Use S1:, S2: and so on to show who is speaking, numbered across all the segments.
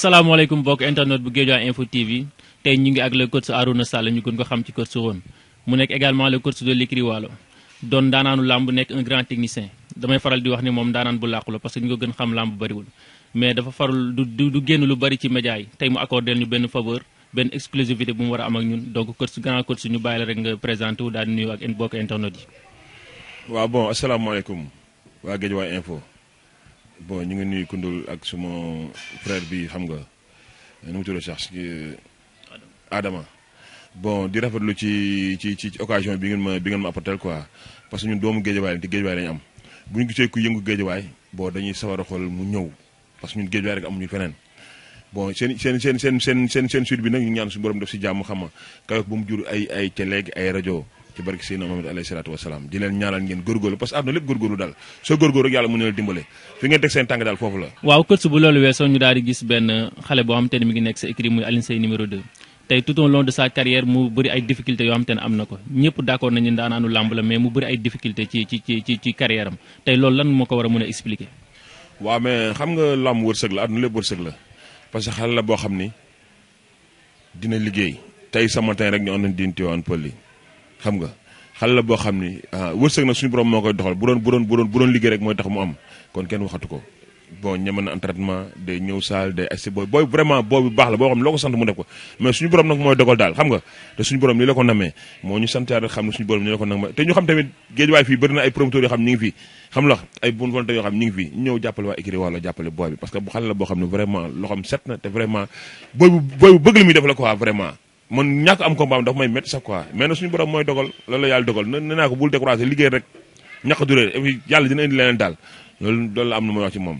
S1: salaamaaleykum bokk internet bu Guédiawaye info TV tey ñu ngi ak le coach Arouna Sall ñu gën ko xam ci coach woon mu nekk également le coach de l'écurie Walo doon daanaanu làmb nekk un grand technicien damay faral di wax ni moom daanaan bu làqu la parce que ñu ko gën xam làmb bariwul mais dafa farul du du génn lu bari ci média yi tey mu accordé ñu benn faveur benn exclusivité bu mu war a am ak ñun donc coach grand coach ñu bàyyi rek nga présenté wu daal di nuyu ak bokk
S2: waaw bon asalaamaaleykum waa Guédiawaye info. bon ñu ngi nuyu Koundoul ak suma frère bi xam nga nu mu tudd sax aadama bon di rafetlu ci ci ci occasion bi ngeen ma bi ngeen ma apporter quoi parce que ñu doomu géejawaay lañ te géejawaay lañ am bu ñu gisee ku yëngu géejawaay bon dañuy sawar a mu ñëw parce que ñun géejawaay rek amuñu feneen bon seen seen seen seen seen seen seen suite bi nag ñu ñaan suñu borom def si jàmm xam nga kayook ba mu jur ay ay ca léegi ay rajo. ci barki seydina muhammad alayhi salatu wassalam di len ñaanal ngeen gorgolu parce que àdduna lépp góorgóorlu daal soo góorgóor rek yalla mu neul dimbalé fi ngeen tek seen tang dal fofu la
S1: waaw kër bu loolu wesso ñu daal di gis ben xalé bo xamanteni mi ngi nek sa écrit muy Aline Sey numéro 2 tay tout au long de sa carrière mu bëri ay difficulté yo xamanteni amna ko ñepp d'accord nañu daanaanu lamb la mais mu bëri ay difficulté ci ci ci ci ci carrière am tey loolu lan moko wara mëna expliquer
S2: waaw mais xam nga lamb wërsëg la àdduna lepp wërsëg la parce que xale la bo xamni dina liggéey tay sama tay rek ñu on diin tiwaan won poli xam nga xale la boo xam ni ah, wërsëg nag suñu borom moo koy doxal bu doon liggéey rek mooy tax mu am kon kenn waxatu ko bon booy bu baax la boo xam ne loo ko sant mu def ko mais suñu borom nag mooy dogal daal nga te ko namee moo ñu sant yàlla xam ne suñu borom li la set na te vraiment booy bu bëgg li muy def la quoi vraiment man ñàkk am combat dafa may métti sax quoi mais suñu borom mooy dogal loolu la yàlla dogal nee naa ko bul découragé liggéey rek ñàkk a duree yàlla dina indi leneen daal loolu loolu la am na mooy wax ci moom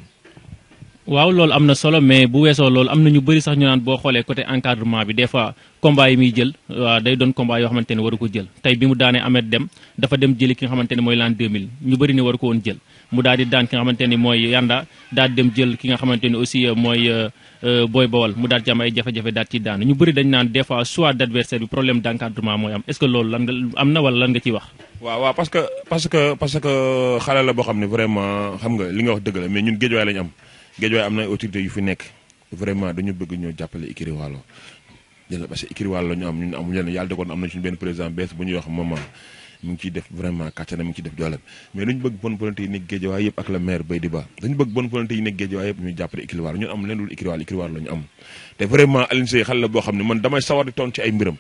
S1: waaw loolu am na solo mais bu weesoo loolu am na ñu bëri sax ñu naan boo xoolee côté encadrement bi des fois combat yi muy jël waaw day doon combat yoo xamante ne waru ko jël bi mu daanee Ahmed Deme dafa dem jëli ki nga xamante ne mooy l'an 2000 ñu bëri ne waru ko woon jël mu daal di daan ki nga xamante ne mooy Yanda daal dem jël ki nga xamante ne aussi euh, mooy euh, euh, Boy Bawal mu daal ci am ay jafe-jafe daal ci daan ñu bëri dañ naan des fois choix d'adversaire bi problème d'encadrement mooy am est-ce que loolu am na wala lan nga ciy wax.
S2: waaw waaw parce que parce que parce que xale la boo xam ne vraiment nga li nga wax dëgg la mais ñun géej waay am Guédiawaye am na ay autorités yu fi nekk vraiment dañu bëgg ñoo jàppale Ikiri Waalo jël parce que Ikiri Waalo la ñu am ñun amuñu leen yàlla degoon am na suñu benn def vraiment mais lu bëgg bonne volonté yi nekk nekk Guédiawaye yëpp ñu jàppale Ikiri Waalo ñun am leen dul Ikiri Waalo ñu am te vraiment Alioune xale la boo xam ne man damay sawar di toon ci ay mbiram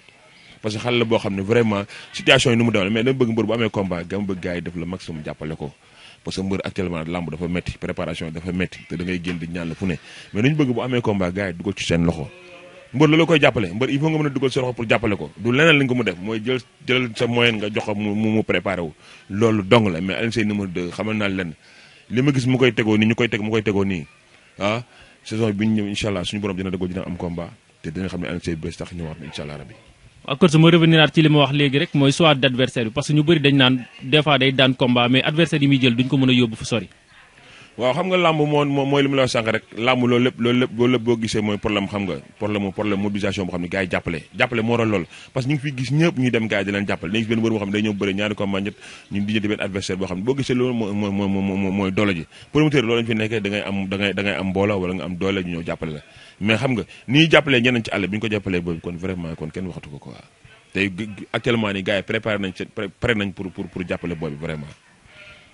S2: parce que xale la boo xam ne vraiment situation yi nu mu demee mais dama bëgg mbër bu amee combat gam bëgg gars yi def la maximum ko parce que mbër actuellement lamb dafa métti préparation dafa métti te da génn di ñaan la fu ne mais nañu bëgg bu amee combat gars yi dugal ci seen loxo mbër loolu koy jàppale mbër il faut nga mën a dugal sa loxo pour jàppale ko du leneen li nga ko mu def mooy jël jël sa moyen nga jox ko mu mu préparé loolu dong la mais Alioune Seye numéro 2 xamal naa leen li ma gis mu koy tegoo nii ñu koy teg mu koy tegoo nii ah saison bi ñu ñëw incha allah suñu borom dina dëggoo dina am
S1: coach ma revenir naat ci li ma wax léegi rek mooy choix d'adversaire bi parce ñu bëri dañ naan des day daan combat mais adversaire yi muy jël duñ ko mën yóbbu fu sori
S2: waaw xam nga làmb moo moom mooy li mu la wax sànq rek làmb loolu lépp loolu lépp loolu lépp boo gisee mooy problème xam nga problème problème mobilisation boo xam ne gars yi jàppale jàppale kon vraiment kon kenn waxatu ko quoi tey actuellement ni gars yi préparé nañ pour jàppale boobu vraiment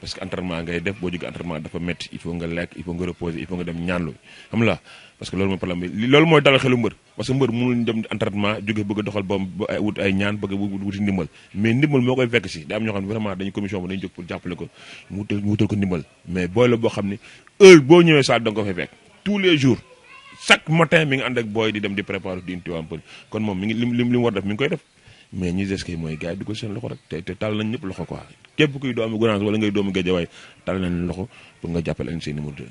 S2: parce que entraînement ngay def bo jógee entraînement dafa metti il faut nga lek il faut nga reposer il faut nga dem ñaanlu xam la parce que loolu mooy problème bi loolu mooy dalal xelu mbeur parce que mbër mënul dem entraînement jóge bëgg doxal boom ay wut ay ñaan bëgg wut ndimbal mais ndimbal mo koy fekk ci da am ñoo xam vraiment dañu commission bu dañu jóg pour jappalé ko mu teul mu teul ko ndimbal mais boy la bo xamni heure bo ñëwé sa da nga fay fekk tous les jours chaque matin mi ngi and ak boy di dem di préparer di intuwam kon mom mi ngi lim lim war def mi ngi koy def mais ñu des kay mooy gars yi dugal seen loxo rek te te tal nañ ñëpp loxo quoi képp kuy doomu Gunaas wala ngay doomu Géejawaay tal nañ loxo pour nga jàppale leen seen numéro 2.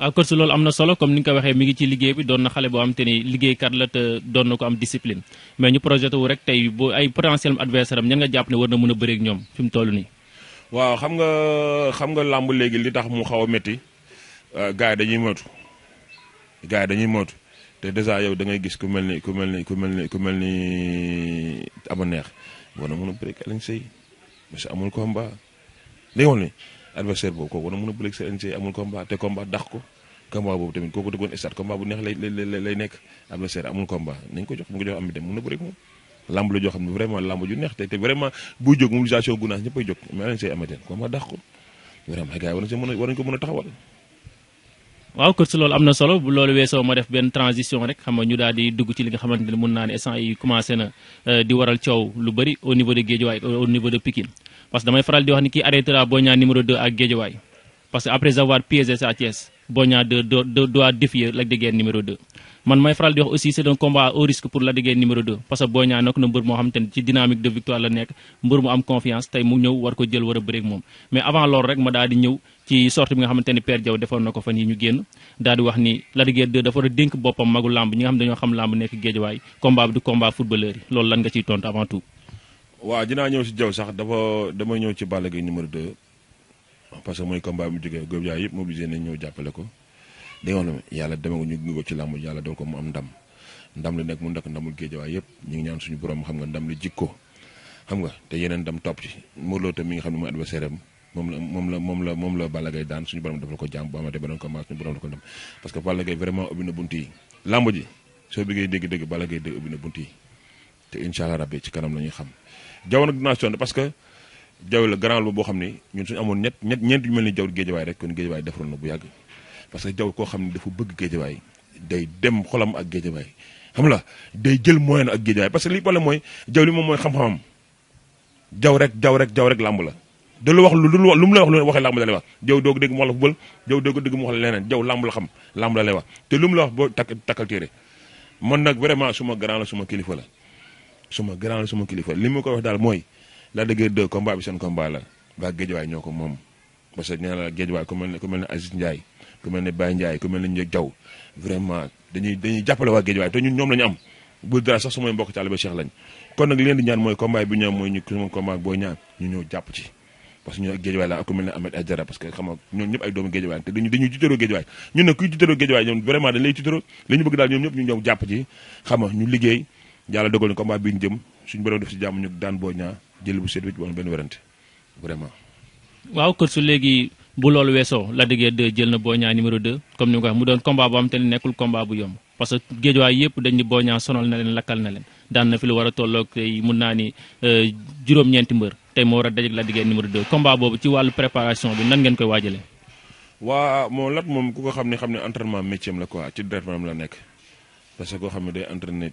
S1: waaw coach na solo comme ni nga ko waxee mi ngi ci liggéey bi doon na xale boo xam te ni liggéeykat la te doon na ko am discipline mais ñu projeté wu rek tey bu ay potentiel adversaire am ñan nga jàpp ne war na mën a bëreeg ñoom fi mu toll nii.
S2: waaw xam nga xam nga làmb léegi li tax mu xaw a métti euh, gars dañuy moytu gars yi dañuy te dèjà yow da ngay gis ku mel ni ku mel ni ku mel ni ku mel ni ama neex war na a bëreeg Alioune Seye parce que amul combat sa Alioune Seye amul combat te combat dàq ko combat boobu tamit kooku dëggoon stade combat bu neex nekk adversaire amul combat ko jox mu ko jox am la joo xam ne vraiment lamb neex te vraiment buy jóg mobilisation gunaas ñëppay a mais Alioune Seye amateen combat dàq ko vraiment gars yi ko mën
S1: a ko mën a taxawal waaw kër si loolu am na solo bu loolu weesoo ma def benn transition rek xam ñu daal di dugg ci li nga xamante ne mun naa ne instant yi commencé na euh, di waral coow lu bëri au niveau de Guédiawaye au niveau de Pikine parce que damay faral di wax ni kii arrêtera Boy Niang numéro 2 ak Guédiawaye parce que après avoir piégé Sa Thiès Boy Niang 2 doit défier Lac de Guiers numéro 2 man may faral di wax aussi c'est un combat au risque pour Lac de Guiers numéro 2 parce que Boy na mbër moo xam te ne ci dynamique de victoire la nekk mbër mu am confiance tey mu ñëw war ko jël war a bëreeg moom mais avant loolu rek ma daal ñëw ci sortie bi nga xamante ni Père Diaw defoon na ko fan yi ñu génn daal wax ni Lac de Guiers 2 a dénk boppam magu làmb
S2: parce que mooy combat bi mu jógee góob yaay yëpp mobilisé nañ ñëw jàppale ko di nga wax ne yàlla demeewul ñu gunge ko ci làmb yàlla doo ko mu am ndam ndam li nekk mu nekk ndamul géejawaay yëpp ñu ngi ñaan suñu borom xam nga ndam li jikko xam nga te yeneen ndam topp ci Modou Lo tam mi nga xam ne mooy adversaire am moom la moom la moom la moom la Balla Gaye daan suñu borom defal ko jàmm bu amatee beneen suñu borom la ko ndam parce que Balla Gaye vraiment dégg-dégg Balla na bunt yi te incha kanam la ñuy xam jaw la grand la boo xam ne ñun suñu amoon ñett ñett ñeent ñu mel ni jaww géejawaay rek kon géejawaay defaroon na bu yàgg parce que jaw koo xam ne dafa bëgg géejawaay day dem xolam ak géejawaay xam la day jël moyen ak géejawaay parce que li problème mooy jaw li moom mooy xam-xamam jaww rek jaww rek jaww rek làmb la da lu wax lu lu lu mu la wax lu waxee làmb la lay wax jaww doog dégg mu wax la football jaww dégg mu wax la leneen jaww làmb la xam làmb la lay wax te lu mu la wax boo takk takkal téere man nag vraiment suma grand suma kilifa la suma grand la kilifa li ma koy wax daal mooy laa de Guiers 2 combat bi seen combat la waa Géejawaay ñoo ko moom parce que nee la mel ne ku mel ne Aziz Ndiaye ku mel ne Baye Ndiaye ñu am bu dara sax samay mbokk taalibe Cheikh lañ kon bi ñu sama combat boo ñaan ñu ñëw jàpp ci parce que ñun ak Géejawaay la ak ku mel ne Ahmed Aïdara parce que xam nga ñoom ñëpp ay doomu Géejawaay te dañu dañuy tiitaroo Géejawaay ñun nag kuy tiitaroo Géejawaay ñoom vraiment dañ lay tiitaroo dogal ñu combat bi jëm suñu borom def ci jàmm ñu daan boo jël bu set wécc bu am benn werante
S1: waaw kër su léegi bu loolu weesoo digee de jël na Boy Niang numéro 2 comme ni nga mu doon combat boo xam te ne nekkul combat bu yomb parce que géejuwaay yëpp dañ ni Boy Niang sonal na leen lakkal na leen daan na fi lu a tolloog tey mun naa ni euh, juróom-ñeenti mbër tey moo war a dajeeg Lac de Guiers boobu ci wàllu préparation bi nangeen ngeen koy waajalee.
S2: waa moom lat moom ku ko xam ne xam ne entraînement métier am la quoi ci deret am la nekk parce que koo xam ne day entraîné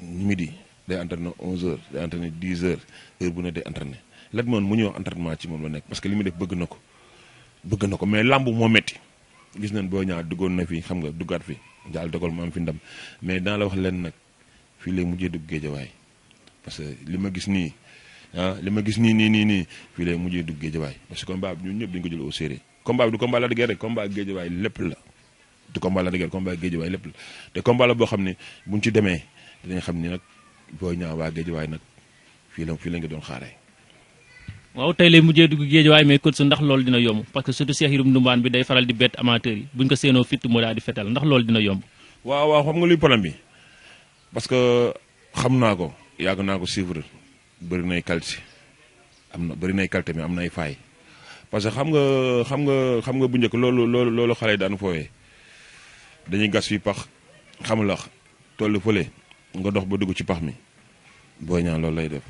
S2: midi. day entraîné 11 heures day entraîné 10 heures heure bu ne day entraîné Lat moom mu ñuy wax entraînement ci moom la nekk parce que li muy def bëgg na ko bëgg na ko mais làmb moo metti gis nañ boo ñaar duggoon na fi xam nga duggaat fi daal dogal mu am fi ndam mais daan la wax leen nag fii lay mujjee dugg géejawaay parce que li ma gis nii ah li ma gis nii nii nii nii fii lay mujjee dugg géejawaay parce que combat bi ñun ñëpp dañu ko jël au sérieux combat bi du combat la dëgër rek combat géejawaay lépp la du combat la dëgër combat géejawaay lépp la te boo xam ne buñ ci demee dinañ xam ni nag booy ñaaw waa waay nag fii la fii la nga doon xaaree.
S1: waaw tey lay mujjee dugg géejawaay mais coach ndax loolu dina yomb parce que surtout Cheikh Yirim Ndumbaan bi day faral di bett amateur yi buñ ko séenoo fitt moo daal di fetal ndax loolu dina yomb.
S2: waaw waaw xam nga luy problème bi parce que xam naa ko yàgg naa ko suivre bëri nay qualité am na bëri nay qualité mais am na ay faay parce que xam nga xam nga xam nga bu njëkk loolu loolu loolu xale yi daan foowee dañuy gas fi pax xam lax tollu fële nga dox ba dugg ci pax mi boo Niang loolu lay def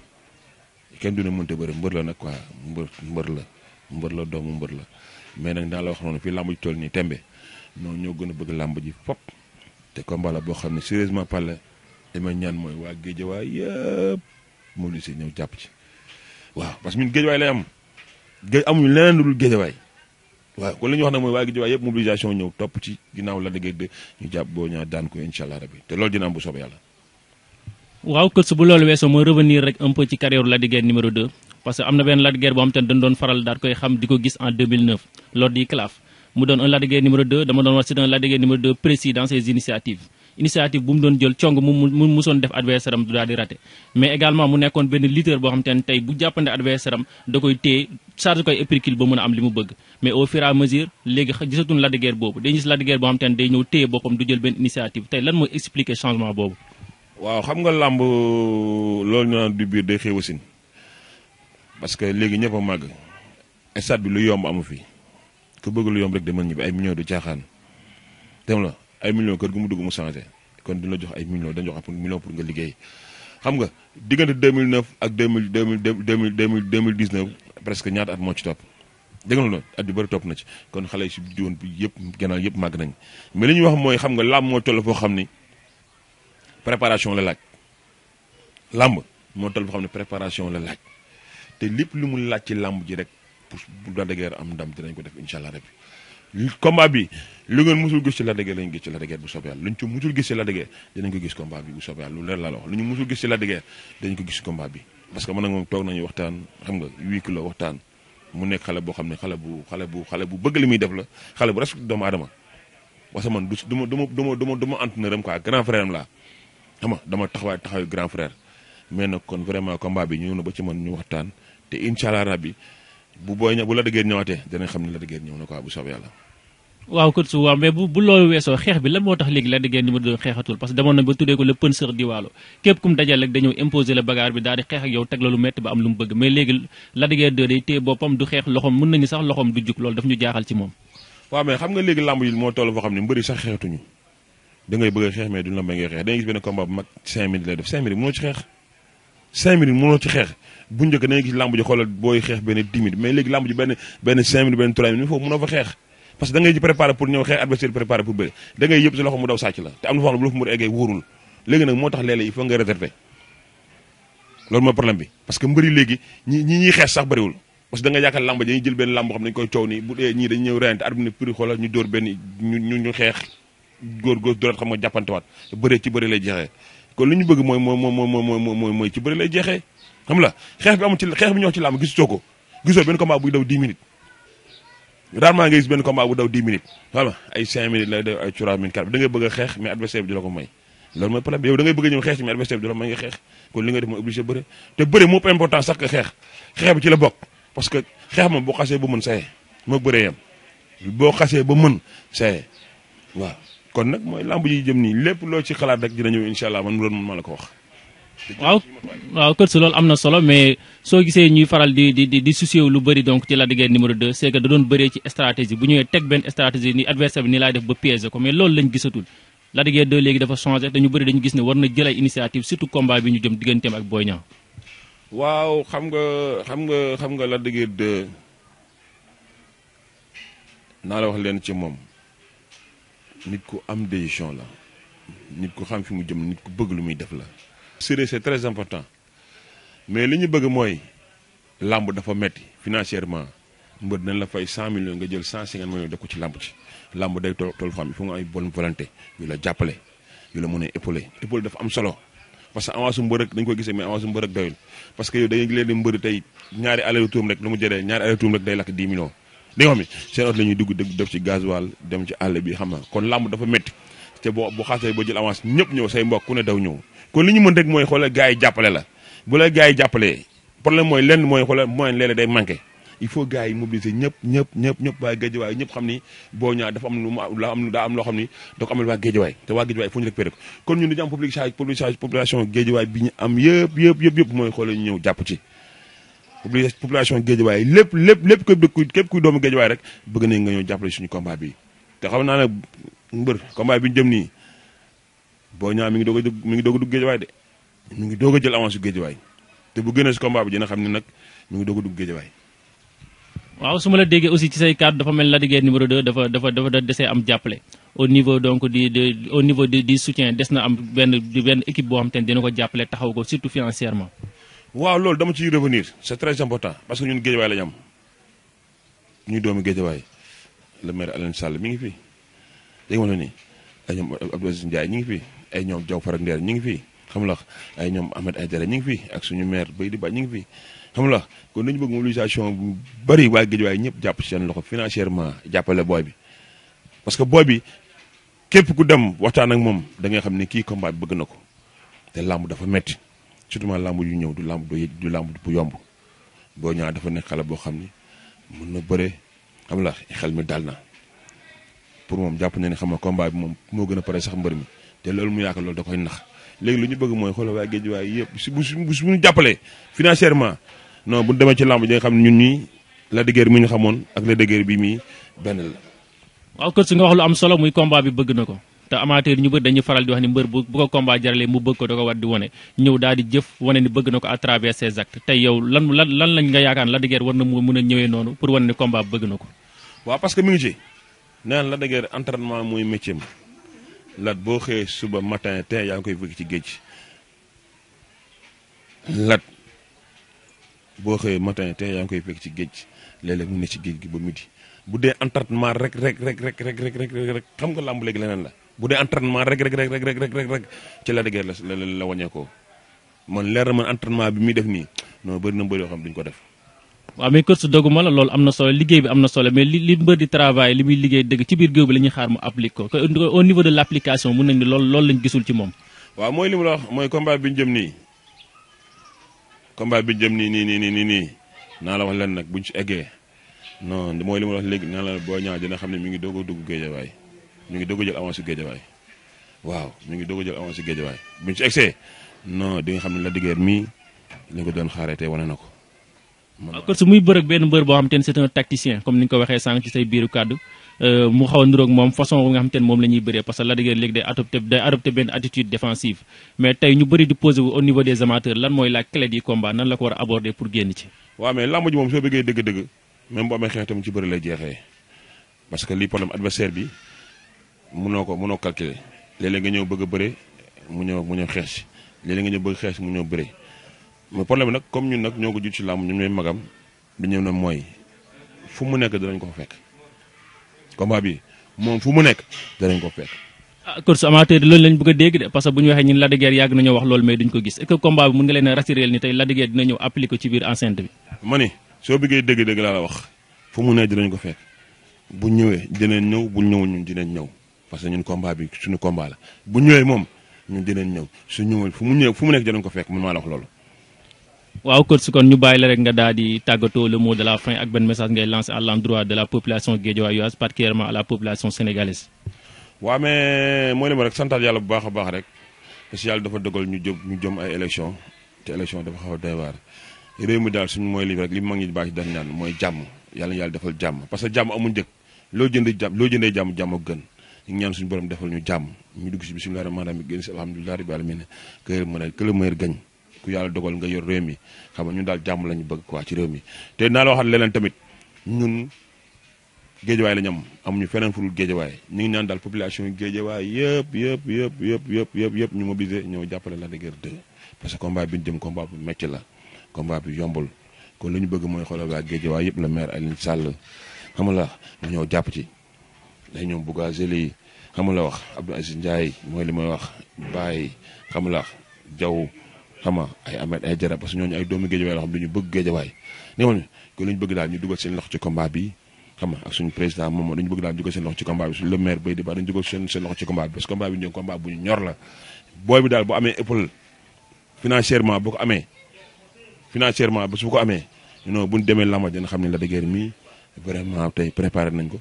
S2: kenn du ne mënut a mbër la nag quoi mbër mbër la mbër la doomu mbër la mais nag daa la wax noonu fii làmb ji toll nii tembe noonu ñoo gën a bëgg làmb ji fop te combat la boo xam ne sérieusement parlé li may ñaan mooy waa géejawaay yëpp mobilisé ñëw jàpp ci waaw parce que ñun géejawaay lay am géej amuñu leneen lu dul géejawaay waaw kon li ñu wax nag mooy waa géejawaay yëpp mobilisation ñëw topp ci ginnaaw la dëgg de ñu jàpp boo ñaa daan ko incha allah rabi te loolu dina am bu soobee yàlla
S1: waaw coach bu loolu weesoo mooy revenir rek un peu ci carrière la de Guiers numéro 2 parce que am na benn Lac de Guiers boo xam te dañ doon faral daal koy xam di ko gis en 2009 lors di CLAF mu doon un Lac de numéro 2 dama doon wax c'est un Lac de numéro 2 précis dans ses initiatives initiative bu mu doon jël cong mu mu def adversaire am du daal di raté mais également mu nekkoon benn leader boo xam te ne tey bu jàppande adversaire am da koy téye charge koy épercule ba mën a am li mu bëgg mais au fur et à mesure léegi gisatuñ Lac de Guiers boobu dañuy gis Lac de Guiers boo xam te day ñëw téye boppam du jël benn initiative tey lan mooy expliquer changement boobu
S2: waaw xam nga làmb loolu ñu naan du biir day xew sin parce que léegi ñëpp a màgg stade bi lu yomb amu fi ku bëgg lu yomb rek demal ñibbi ay millions du caaxaan dem la ay millions kër gu mu dugg mu ay millions pour nga liggéey xam nga diggante 2009 ak 2000 2000 2000 2019 presque ñaata at moo ci topp dégg nga at yu bëri topp na ci kon xale yi si jiwoon bi yëpp gannaaw yëpp màgg nañ mais li ñuy wax mooy xam nga làmb moo toll foo xam ni. préparation la laaj lamb mo tol boo xam préparation la laaj te lepp lu mu laaj ci lamb ji rek bu Lac de am ndam dinañ ko def inshallah rabbi combat bi lu ngeen musul gis ci la de lañu lañ gis ci la de bu sobe yalla luñ ci musul gis ci la de dinañ ko gis combat bi bu sobe yalla lu leer la wax luñu musul gis ci la de dinañ ko gis combat bi parce que man ak tok nañu waxtaan xam nga week kilo waxtaan mu nek xale bo xam ne bu xale bu xale bu bëgg li def la xale bu respecté doom adama wa sama duma duma duma duma entraîneur am quoi grand frère am xam dama taxawaay taxawaayu grand frère mais nag kon vraiment combat bi ñëw na ba ci man ñu waxtaan te incha allah rabbi bu booy ñëw bu la dëggee ñëwaatee danañ xam ne la dëggee ñëw na quoi bu soobee yàlla.
S1: waaw kon su waaw mais bu bu loolu weesoo xeex bi lan moo tax léegi la dëggee numéro 2 xeexatul parce que demoon ba tuddee ko le penseur di képp kum dajal rek dañoo imposer la bagarre bi daal di xeex yow teg la lu métti ba am lu mu bëgg mais léegi la dëggee 2 nañu sax loxom du jug loolu daf jaaxal ci moom.
S2: waaw mais xam nga léegi làmb yi moo toll foo xam ne mbëri da ngay bëgg a xeex mais duñ la may ngay xeex da ngay gis benn combat bu mag cinq minutes lay def cinq minutes mënoo ci xeex cinq minutes mënoo ci xeex bu njëkk da ngay gis làmb ji xoolal booy xeex benn dix minutes mais léegi làmb ji benn benn cinq minutes benn trois minutes foofu mënoo fa xeex parce que da ngay ci préparé pour ñëw xeex adversaire préparé pour bëri da ngay yëpp sa loxo mu daw sàcc la te am na foo xam ne bu la fa mu eggee wóorul léegi nag moo tax léeg-léeg il faut nga réserver loolu mooy problème bi parce que mbëri léegi ñi ñi ñuy xeex sax bëriwul parce que da nga yaakaar làmb ji dañuy jël benn làmb boo xam ne dañu koy coow nii bu dee ñii dañu ñëw reyante arbitre ne prix xoolal ñu dóor benn ñu ñu xeex góor góor dorat xam nga jàppante waat bëree ci bëri lay jeexee kon li ñu bëgg mooy mooy mooy mooy mooy mooy ci bëri lay jeexee xam la xeex bi amul ci xeex bi ñoo ci làmb gisutoo ko gisoo benn combat buy daw 10 minutes rarement nga gis benn combat bu daw 10 minutes xam nga ay 5 minutes lay daw ay 3 minutes 4 da ngay bëgg a xeex mais adversaire bi du la ko may loolu mooy problème yow da ngay bëgg ñëw xeex mais adversaire bi du la may nga xeex kon li nga def mooy obligé bëre te bëre moo important sax que xeex xeex bi ci la bokk parce que xeex moom boo xasee ba mën saye moo bëree yem boo xasee ba mën saye waaw kon nag mooy lamb ji jëm nii lépp loo ci xalaat rek dina ñëw incha allah man mu doon mën ma la ko wax.
S1: waaw waaw kër si loolu am na solo mais soo gisee ñuy faral di di di soucier wu lu bëri donc ci Lac de Guiers numéro 2 c'est que doon bëree ci stratégie bu ñëwee teg benn stratégie ni adversaire bi ni laay def ba piéger ko mais loolu lañ gisatul Lac de Guiers 2 léegi dafa changé dañu bëri dañu gis ne war na jël ay initiative surtout combat bi ñu jëm digganteem ak
S2: waaw xam nga xam nga xam nga Lac de Guiers la wax leen ci moom nit ko am décision la nit ko xam fi mu jëm nit ko bëgg lu muy def la. sérieux c'est très important mais li ñu bëgg mooy lamb dafa metti financièrement mbër nañ la fay 100 millions nga jël 150 millions def ko ci lamb ci lamb day tol toll fam il nga ay bonne volonté yu la jappalé yu la mëne a épaulé épaulé dafa am solo. parce que avance mbeur rek dañ koy gisee mais avance mbeur rek doyul parce que yow dañuy leen mbeur tay ñaari aller retour rek lu mu jéré ñaari aller retour rek day lak 10 millions. da nga xam ne seen oto la dugg def ci gasoil dem ci àll bi xam nga kon làmb dafa métti te boo bu ñëpp ñëw say mbokk ku ne daw ñëw kon li ñu mën mooy xoolal gars yi jàppale la bu la gars yi jàppalee problème mooy lenn mooy xoolal moyen léeg-léeg day manqué il faut gars ñëpp ñëpp ñëpp ñëpp waa ñëpp xam ni boo ñaa dafa am lu la loo xam ni da ko amal waa géejawaay te waa géejawaay il faut ñu récupéré ko kon ñun dañu am public charge public charge population géejawaay bi ñu am yëpp yëpp yëpp yëpp mooy xoolal ñu ñëw jàpp ci population Guédiawaye lépp lépp lépp képp kuy képp kuy doomu Guédiawaye rek bëgg nañ nga ñëw jàppale suñu combat bi te xam naa ne mbër combat bi ñu jëm nii boo ñaa mi ngi doog a mi ngi doog a dugg Guédiawaye de mi ngi doog a jël avance yu te bu génnee si combat bi dina xam ne nag mi ngi doog a dugg Guédiawaye
S1: waaw su ma la déggee aussi ci say cadre dafa mel ni Lac de Guiers numéro 2 dafa dafa dafa desee am jàppale au niveau donc di di au niveau di soutien des na am benn benn équipe boo xam te ne dina ko jàppale taxaw ko surtout financièrement
S2: waaw loolu dama ciy revenir c'est très important parce que ñun géejawaay la ñu am ñu doomi géejawaay le maire alain Sall mi ngi fi dégg nga ma nii ay ñoom Abdou Aziz Ndiaye ñu ngi fi ay ñoom jaw Fara Ndeer ñu ngi fi xam la ay ñoom Ahmed ay Aïdara ñu ngi fi ak suñu maire Bay di Ba ñu ngi fi xam la kon dañu bëgg mobilisation bu bari waa géejawaay ñëpp jàpp si seen loxo financièrement jàppale boy bi parce que boy bi képp ku dem waxtaan ak moom da ngay xam ne kii combat bëgg na ko te làmb dafa metti surtout làmb yu ñëw du làmb du làmb bu yomb boo ñaa dafa nekk xale boo xam ni mën na bëre xam la xel mi dal na pour moom jàpp na ne xam nga combat bi moom moo gën a pare sax mbër mi te loolu mu loolu da koy nax léegi lu ñu bëgg mooy xoolal waa géej waaye yëpp su bu jàppalee financièrement non bu demee ci làmb ji xam ne ñun ñii la dëgër mi ñu xamoon ak la dëgër bi mii benn la.
S1: waaw kër si nga wax lu am solo muy combat bi bëgg na ko. te amateur ñu bëri dañuy faral di wax ni mbër bu bu ko combat jaralee mu bëgg ko da ko war di wane ñëw daal di jëf wane ni bëgg na ko à travers tey yow lan lan lan lañ nga yaakaar Lac de Guiers war na mu mën a ñëwee noonu pour wane ni combat bëgg na ko. waaw parce que ngi ci
S2: nee na Lac de mooy métier Lat boo xëyee suba matin te yaa ngi koy bëgg ci géej Lat boo xëyee matin te yaa ngi koy ci géej léeg-léeg mu ne ci géej gi ba mu midi bu dee entretement rek rek rek rek rek rek rek xam nga làmb léegi leneen la. bu dee entraînement rek rek rek rek rek rek ci la dëgër la la la wàññeekoo man leer na man entraînement bi muy def nii non bëri na mbër
S1: yoo xam duñ ko def. waaw mais kër su doguma la lool am na solo liggéey bi am na solo mais li li di travail li muy liggéey dëgg ci biir géew bi la ñuy xaar mu applique ko au l' application mun nañ ne loolu loolu lañ gisul ci moom.
S2: waaw mooy li mu la wax mooy combat bi ñu jëm nii combat bi ñu nii nii nii nii nii naa la wax leen nag buñ ci eggee non mooy li mu la naa boo ñaaw dina xam ne mi ngi doog a dugg ñu ngi dogu jël avance su géejawaay waaw ñu ngi dogu jël avance su géejawaay buñ ci excès non di nga xamni la diggeer mi li nga doon xaaree tey wane na ko.
S1: su muy bërek ben bër bo xam te c'est un tacticien comme ni nga waxé sank ci say biiru cadre euh mu xaw ndurok mom façon nga xam te ne moom la parce que la dëgër léegi day adopté day adopté ben attitude défensive mais tay ñu bëri di poser au niveau des amateurs lan moy la clé du combat nan la ko wara aborder pour génn ci.
S2: waaw mais làmb ji moom soo bëggee dëgg-dëgg même bo amé xéx tam ci bëri lay jéxé parce que li problème adversaire bi Munoko, ko mënoo calculer léeg-léeg nga ñëw bëgg a bëre mu ñëw mu ñëw xees léeg-léeg nga ñëw bëgg xees mu ñëw bëre mais problème nag comme ñun nag ñoo ko ci làmb ñun ñooy magam li ñëw na mooy fu mu nekk danañ ko fekk combat bi moom fu mu nekk danañ ko fekk.
S1: ah kon sa amateur loolu lañ bëgg dégg de parce que bu ñu waxee ñun Lac de Guiers wax loolu mais duñ ko gis est-ce que combat bi mun nga leen rassurer ni tey Lac dina ñëw appliquer ci biir enceinte bi.
S2: dégg-dégg la wax fu mu nekk ko fekk bu dinañ ñëw bu ñun dinañ ñëw parce que ñun combat bi suñu combat la bu ñëwee moom ñun
S1: dinañ ñëw su ñëwul fu mu nekk dinañ ko fekk mën maa la loolu. waaw coach kon ñu bàyyi la rek nga daal di tàggatoo le mot de la fin ak benn message ngay lancé à l'endroit de la population guédiawayoise particulièrement à la population sénégalaise.
S2: waaw mais mooy li yàlla bu baax a baax rek parce que yàlla dafa ñu jëm ñu jëm ay élection te élection dafa a doy waar réew mi daal suñu mooy li rek li mag ñi baax ci daan ñaan mooy jàmm yàlla yàlla defal jàmm parce que jàmm amuñ dëkk loo jënd jàmm loo jëndee jàmm jàmm gën. ñu ñaan suñu borom defal ñu jàmm ñu dugg si bisimilah rahmaani rahiim génn si alhamdulilah rabbil alamin que le meilleur gagne ku yàlla dogal nga yor réew mi xam nga ñun daal jàmm lañu bëgg quoi ci réew mi te naa la waxal tamit ñun géejawaay la ñu am amuñu feneen fu dul géejawaay ñu ngi ñaan daal population géejawaay yëpp yëpp yëpp yëpp yëpp yëpp yëpp ñu mobiliser ñëw jàppale la de Guiers 2 parce que combat bi ñu jëm combat bu métti la combat bi yombul kon li ñu bëgg mooy xoolal waa géejawaay yëpp la maire Alioune Sall xam nga la ñëw jàpp ci day ñoom Bougazelli yi xamula wax Abdou Aziz Ndiaye mooy li may wax Baye xamula wax Diaw xama ay Ahmed ay Jara parce que ñooñu ay doomu géejawaay la xam bëgg géejawaay nga xam ne ko lañu daal ñu dugal seen loxo ci combat bi xam nga ak suñu moom dañu bëgg daal ñu dugal seen loxo ci combat bi suñu le maire bay di ba dañu dugal seen loxo ci combat bi parce que combat bi ñu combat ñor la booy daal bu amee épaule financièrement bu ko amee financièrement ba su ko amee non bu ñu demee lamba dina xam ne la dëgër mii vraiment tey préparé nañ ko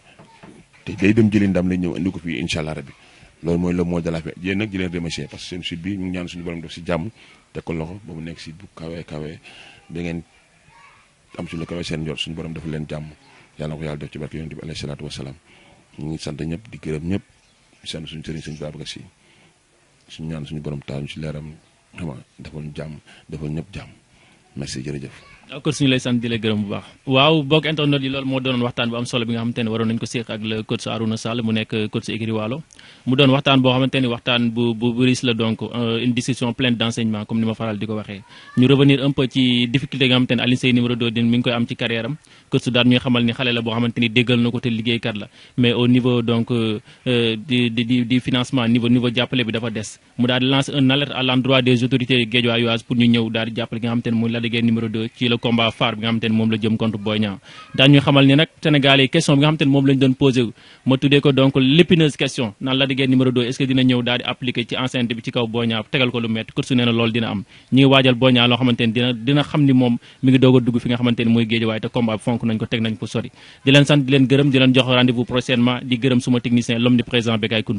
S2: té kay dem jëli ndam la ñëw andi ko fii incha rabbi lool moy le mot de la fin yeen nak di leen remercier parce que seen suite bi ñu ñaan suñu borom def ci jamm té ko loxo bamu nekk ci bu kawé kawé ba ngeen am suñu kawé seen ñor suñu borom dafa leen jamm yalla ko yalla def ci barke yoonu bi alayhi salatu wassalam ñu ngi sant ñëpp di gërëm ñëpp di sant suñu sëriñ suñu babaka ci suñu ñaan suñu borom taal ñu si leeram xam nga defal ñu jàmm defal ñëpp jamm merci jërëjëf
S1: kon suñu lay sant di la gërëm bu baax waaw bokk internet yi loolu moo doon waxtaan bu am solo bi nga xamante ne waroon nañ ko séq ak le coach Arouna Sall mu nekk coach écurie Wallo mu doon waxtaan boo xamante ni waxtaan bu bu bu la donc une eh, discussion pleine d'enseignement comme ni ma faral di ko waxee ñu revenir un peu ci difficulté nga xamante ne Alioune Seye numéro 2 din mi ngi koy am ci carrière am coach daal ñuy xamal ni xale la boo xamante ni déggal na ko te liggéeykat la mais au niveau donc eh, di di di di financement niveau niveau jàppale bi dafa des mu daal di lancer eh, un alerte à l'endroit des autorités guédiawayoises pour ñu ñëw daal di jàppale nga xamante ne muy la déggee numéro 2 ci le combat bi nga xam te moom la jëm contre Boy Niang daañu xamal ni nag Sénégal question bi nga xam te moom lañ doon posé ma tuddee ko donc l'épineuse question naan Lac de Guiers numéro 2 est-ce que dina ñëw daal di ci enceinte bi ci kaw Boy Niang tegal ko lu métti kër su nee na dina am ñi waajal Boy Niang loo xamante ne dina xam ni moom mi ngi doog dugg fi nga xamante ne mooy géej waaye te combat fonk nañ ko teg nañ ko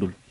S1: sori